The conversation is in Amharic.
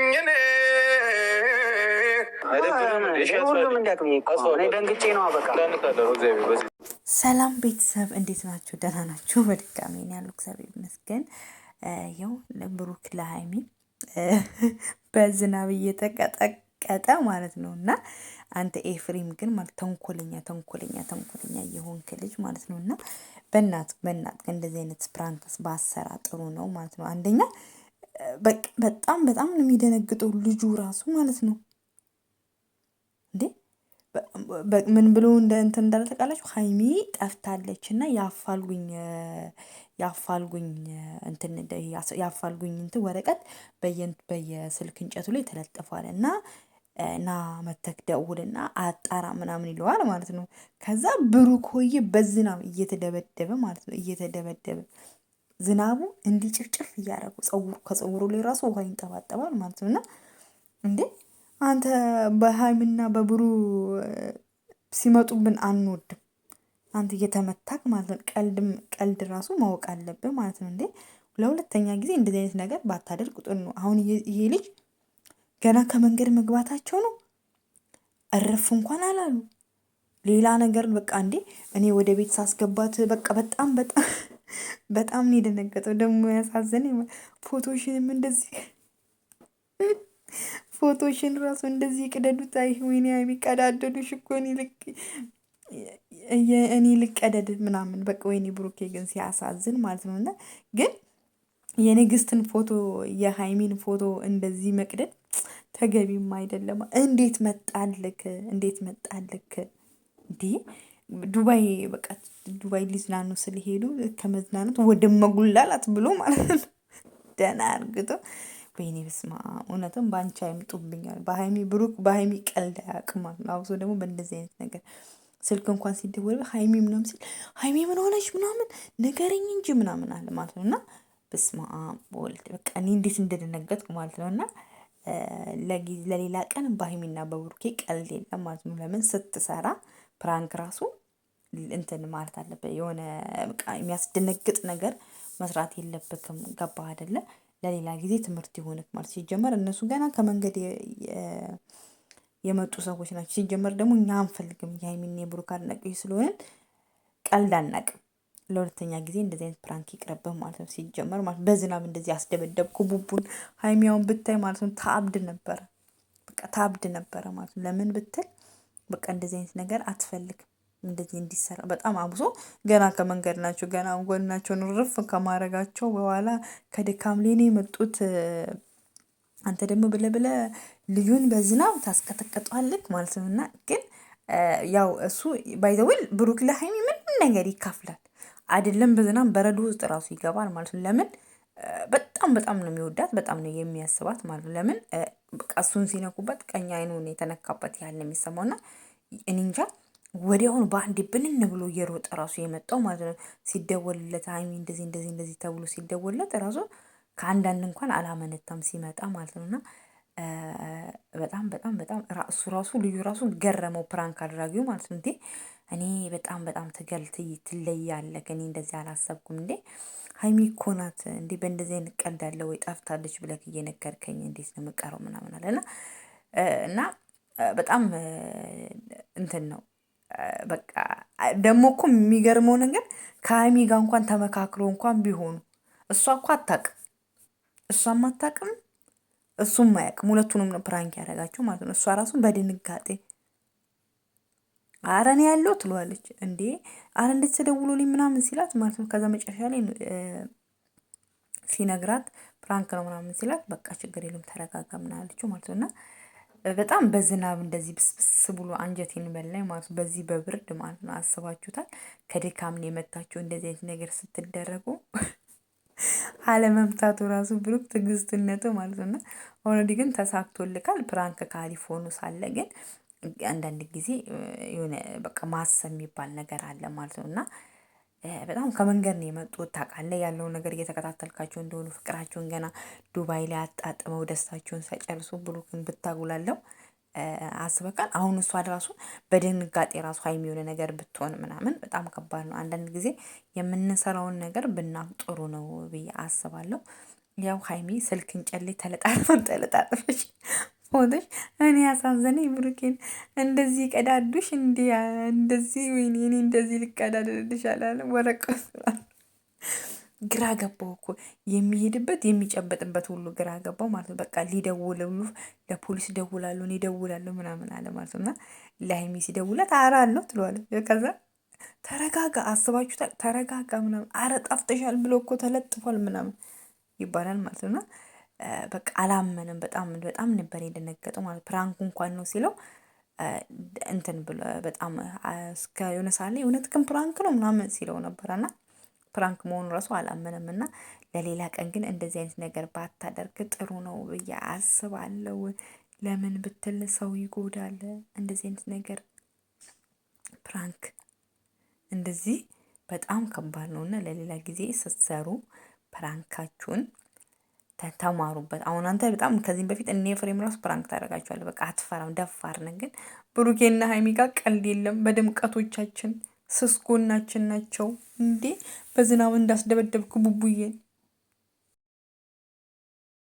ነኝ ሰላም ቤተሰብ እንዴት ናችሁ? ደህና ናችሁ? በድጋሚ ነው ያሉ እግዚአብሔር ይመስገን። ያው ብሩክ ለሀይሚ በዝናብ እየተቀጠቀጠ ማለት ነው እና አንተ ኤፍሬም ግን ማለት ተንኮለኛ ተንኮለኛ ተንኮለኛ የሆንክ ልጅ ማለት ነው እና በእናት በእናት እንደዚህ አይነት ፕራንክስ በአሰራ ጥሩ ነው ማለት ነው አንደኛ በጣም በጣም ነው የሚደነግጠው ልጁ ራሱ ማለት ነው። እንዴ ምን ብሎ እንደ እንትን እንዳለ ሀይሚ ጠፍታለች እና ያፋልጉኝ ያፋልጉኝ እንትን የአፋልጉኝ እንትን ወረቀት በየስልክ እንጨቱ ላይ ተለጥፏል እና እና መተክ ደውልና አጣራ ምናምን ይለዋል ማለት ነው። ከዛ ብሩክ ሆዬ በዝናብ እየተደበደበ ማለት ነው እየተደበደበ ዝናቡ እንዲጭፍጭፍ እያደረጉ ፀጉሩ ከፀጉሩ ላይ ራሱ ውሃ ይንጠባጠባል ማለት ነው። እና እንዴ አንተ በሃይምና በብሩ ሲመጡብን አንወድም። አንተ እየተመታክ ማለት ነው። ቀልድም ቀልድ ራሱ ማወቅ አለብህ ማለት ነው። እንዴ ለሁለተኛ ጊዜ እንደዚህ አይነት ነገር ባታደርግ ጥሩ ነው። አሁን ይሄ ልጅ ገና ከመንገድ መግባታቸው ነው። እረፍ እንኳን አላሉ። ሌላ ነገር በቃ እንዴ እኔ ወደ ቤት ሳስገባት በቃ በጣም በጣም በጣም ነው የደነገጠው። ደግሞ ያሳዘነ ፎቶሽንም እንደዚህ ፎቶሽን ራሱ እንደዚህ ቅደዱት። አይ ወይኔ ቢቀዳደዱሽ እኮ እኔ ልቀደድ ምናምን በቃ ወይኔ። ብሩኬ ግን ሲያሳዝን ማለት ነው። እና ግን የንግስትን ፎቶ የሃይሚን ፎቶ እንደዚህ መቅደድ ተገቢም አይደለም። እንዴት መጣልክ? እንዴት መጣልክ? እንዴ ዱባይ በቃ ዱባይ ሊዝናኑ ስለሄዱ ከመዝናናት ወደ መጉላላት ብሎ ማለት ነው። ደህና አርግቶ በኔ በስማ እውነትም በአንቺ አይምጡብኛል። በሀይሚ ብሩክ በሀይሚ ቀልድ አያውቅም። አብሶ ደግሞ በእንደዚህ አይነት ነገር ስልክ እንኳን ሲደወል ሀይሚ ምናም ሲል ሀይሚ ምን ሆነች ምናምን ነገረኝ እንጂ ምናምን አለ ማለት ነው። እና ብስማ ወልድ በቃ እኔ እንዴት እንደደነገጥኩ ማለት ነው። እና ለሌላ ቀን በሀይሚና በብሩኬ ቀልድ የለም ማለት ነው። ለምን ስትሰራ ፕራንክ ራሱ እንትን ማለት አለብህ። የሆነ በቃ የሚያስደነግጥ ነገር መስራት የለብክም። ገባ አይደለ? ለሌላ ጊዜ ትምህርት ይሆንክ ማለት ሲጀመር እነሱ ገና ከመንገድ የመጡ ሰዎች ናቸው። ሲጀመር ደግሞ እኛ አንፈልግም የሃይሚን የብሩክ አድናቂዎች ስለሆንን ቀልድ አናቅም። ለሁለተኛ ጊዜ እንደዚህ አይነት ፕራንክ ይቅረብህ ማለት ነው። ሲጀመር ማለት በዝናብ እንደዚህ አስደበደብኩ ቡቡን ሀይሚያውን ብታይ ማለት ነው ታብድ ነበረ። በቃ ታብድ ነበረ ማለት ነው። ለምን ብትል በቃ እንደዚህ አይነት ነገር አትፈልግም። እንደዚህ እንዲሰራ በጣም አብሶ ገና ከመንገድ ናቸው ገና ጎናቸውን ርፍ ከማድረጋቸው በኋላ ከድካም ሌኔ የመጡት አንተ ደግሞ ብለብለ ልዩን በዝናብ ታስቀጠቀጧልክ ማለት ነው። እና ግን ያው እሱ ባይዘውል ብሩክ ለሀይሚ ምንም ነገር ይካፍላል አይደለም። በዝናብ በረዶ ውስጥ ራሱ ይገባል ማለት ነው። ለምን በጣም በጣም ነው የሚወዳት፣ በጣም ነው የሚያስባት ማለት ነው። ለምን እሱን ሲነኩበት ቀኝ አይኑን የተነካበት ያህል ነው የሚሰማውና እኔ እንጃ ወዲያውኑ በአንድ ብንን ብሎ እየሮጠ ራሱ የመጣው ማለት ነው። ሲደወልለት ሀይሚ እንደዚህ እንደዚህ እንደዚህ ተብሎ ሲደወልለት ራሱ ከአንዳንድ እንኳን አላመነታም ሲመጣ ማለት ነው። እና በጣም በጣም በጣም ራሱ ራሱ ልዩ ራሱ ገረመው ፕራንክ አድራጊው ማለት ነው። እንዴ እኔ በጣም በጣም ትገልት ትለያለህ፣ እኔ እንደዚህ አላሰብኩም። እንዴ ሀይሚ እኮ ናት እንዴ በእንደዚህ አይነት ቀልድ አለ ወይ? ጠፍታለች ብለህ እየነገርከኝ እንዴት ነው የምቀረው? ምናምን አለ እና እና በጣም እንትን ነው በቃ ደግሞ እኮ የሚገርመው ነገር ከሀይሚ ጋር እንኳን ተመካክሮ እንኳን ቢሆኑ እሷ እኮ አታውቅም፣ እሷም አታውቅም፣ እሱም አያውቅም። ሁለቱንም ነው ፕራንክ ያደረጋቸው ማለት ነው። እሷ ራሱ በድንጋጤ አረ እኔ ያለው ትለዋለች እንዴ አረ እንዴት ተደውሎልኝ ምናምን ሲላት ማለት ነው። ከዛ መጨረሻ ላይ ሲነግራት ፕራንክ ነው ምናምን ሲላት በቃ ችግር የለም ተረጋጋ ምናለችው ማለት ነው እና በጣም በዝናብ እንደዚህ ብስብስ ብሎ አንጀቴን በላኝ ማለት በዚህ በብርድ ማለት ነው። አስባችሁታል? ከድካም ነው የመታችሁ። እንደዚህ አይነት ነገር ስትደረጉ አለመምታቱ ራሱ ብሩክ ትዕግስትነቱ ማለት ነው። እና ኦልሬዲ ግን ተሳክቶልካል። ፕራንክ ካሊፎኑ ሳለ ግን አንዳንድ ጊዜ የሆነ በቃ ማሰብ የሚባል ነገር አለ ማለት ነው እና በጣም ከመንገድ ነው የመጡት። ታውቃለህ ያለውን ነገር እየተከታተልካቸው እንደሆኑ ፍቅራቸውን ገና ዱባይ ላይ አጣጥመው ደስታቸውን ሳይጨርሱ ብሩክን ብታጉላለው አስበቃል። አሁን እሷ ራሱ በድንጋጤ ራሱ ሀይሚ የሆነ ነገር ብትሆን ምናምን በጣም ከባድ ነው። አንዳንድ ጊዜ የምንሰራውን ነገር ብናም ጥሩ ነው ብዬ አስባለሁ። ያው ሀይሚ ስልክን ጨሌ ተለጣጥፈን ተለጣጥፈች ፎቶሽ እኔ ያሳዘነኝ ብሩኬን እንደዚህ ይቀዳዱሽ እንዲ እንደዚህ ወይ እኔ እንደዚህ ልቀዳደድልሽ አላለ ወረቀት ግራ ገባው እኮ የሚሄድበት የሚጨበጥበት ሁሉ ግራ ገባው ማለት ነው። በቃ ሊደውል ለፖሊስ ደውላሉ እኔ ደውላለሁ ምናምን አለ ማለት ነው። እና ለሀይሚ ሲደውላት አራል ነው ትለዋለ። ከዛ ተረጋጋ አስባችሁ ተረጋጋ ምናምን አረ ጠፍተሻል ብሎ እኮ ተለጥፏል ምናምን ይባላል ማለት ነው እና በቃ አላመንም። በጣም በጣም ነበር የደነገጠው ማለት ፕራንኩ እንኳን ነው ሲለው እንትን ብሎ በጣም እስከ የሆነ ሳለ እውነት ግን ፕራንክ ነው ምናምን ሲለው ነበረና ፕራንክ መሆኑ ራሱ አላመንም። እና ለሌላ ቀን ግን እንደዚህ አይነት ነገር ባታደርግ ጥሩ ነው ብዬ አስባለው። ለምን ብትል ሰው ይጎዳል። እንደዚህ አይነት ነገር ፕራንክ እንደዚህ በጣም ከባድ ነው እና ለሌላ ጊዜ ስትሰሩ ፕራንካችሁን ተማሩበት። አሁን አንተ በጣም ከዚህም በፊት እኔ ፍሬም ራሱ ፕራንክ ታደርጋቸዋለህ። በቃ አትፈራም፣ ደፋር ነህ። ግን ብሩኬና ሀይሚ ጋር ቀልድ የለም። በድምቀቶቻችን ስስ ጎናችን ናቸው። እንዴ በዝናብ እንዳስደበደብክ ቡቡዬን